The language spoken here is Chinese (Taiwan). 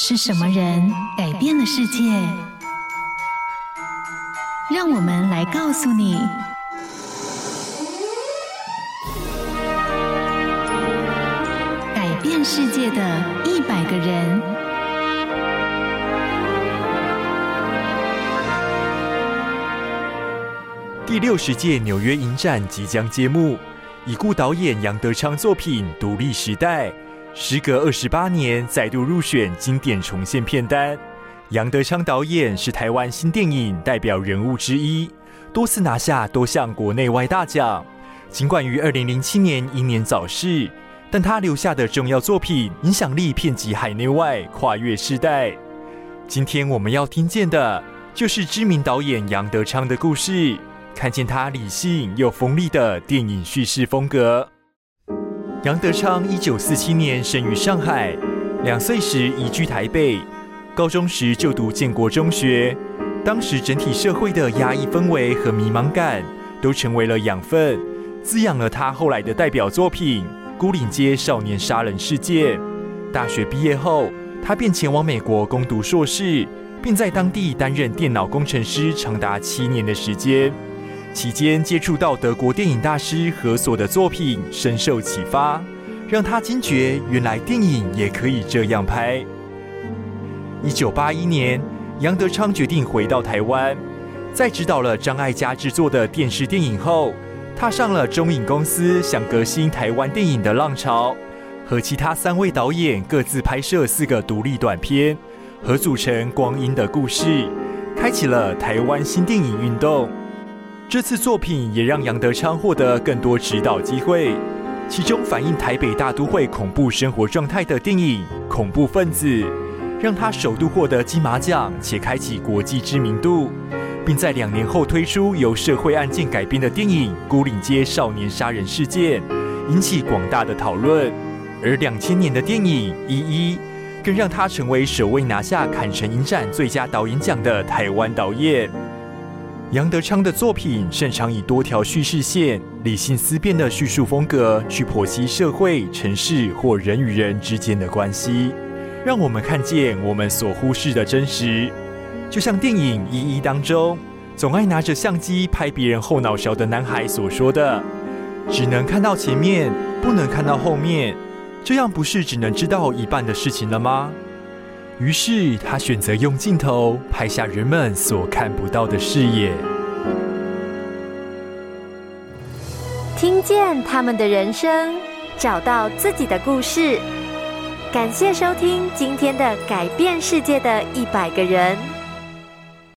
是什麼人改變了世界？讓我們來告訴你：改變世界的一百個人。第六十屆紐約影展即將揭幕，已故導演楊德昌作品《獨立時代》。時隔二十八年，再度入選經典重現片單。楊德昌導演是台灣新電影代表人物之一，多次拿下多項國內外大獎。儘管於二零零七年英年早逝，但他留下的重要作品影響力遍及海內外，跨越世代。今天我們要聽見的就是知名導演楊德昌的故事，看見他理性又鋒利的電影敘事風格。楊德昌一九四七年生於上海，兩歲時移居台北，高中時就讀建國中學。當時整體社會的壓抑氛圍和迷茫感，都成為了養分，滋養了他後來的代表作品《牯嶺街少年殺人事件》。大學畢業後，他便前往美國攻讀碩士，並在當地擔任電腦工程師長達七年的時間。期間接觸到德國電影大師荷索的作品，深受啟發，讓他驚覺原來電影也可以這樣拍。一九八一年，楊德昌決定回到台灣，在執導了張艾嘉製作的電視電影後，踏上了中影公司想革新台灣電影的浪潮，和其他三位導演各自拍攝四個獨立短片，合組成《光陰的故事》，開啟了台灣新電影運動。這次作品也讓楊德昌獲得更多指導機會，其中反映台北大都會恐怖生活狀態的電影《恐怖分子》，讓他首度獲得金馬獎，且開啟國際知名度，並在兩年後推出由社會案件改編的電影《牯嶺街少年殺人事件》，引起廣大的討論。而兩千年的電影《一一》，更讓他成為首位拿下坎城影展最佳導演獎的台灣導演。楊德昌的作品擅長以多條敘事線、理性思辨的敘述風格，去剖析社會、城市或人與人之間的關係，讓我們看見我們所忽視的真實。就像電影《一一》當中，總愛拿着相機拍別人後腦勺的男孩所說的：“只能看到前面，不能看到後面，這樣不是只能知道一半的事情了嗎？”於是，他選擇用鏡頭拍下人們所看不到的視野，聽見他們的人生，找到自己的故事。感謝收聽今天的《改變世界的一百個人》。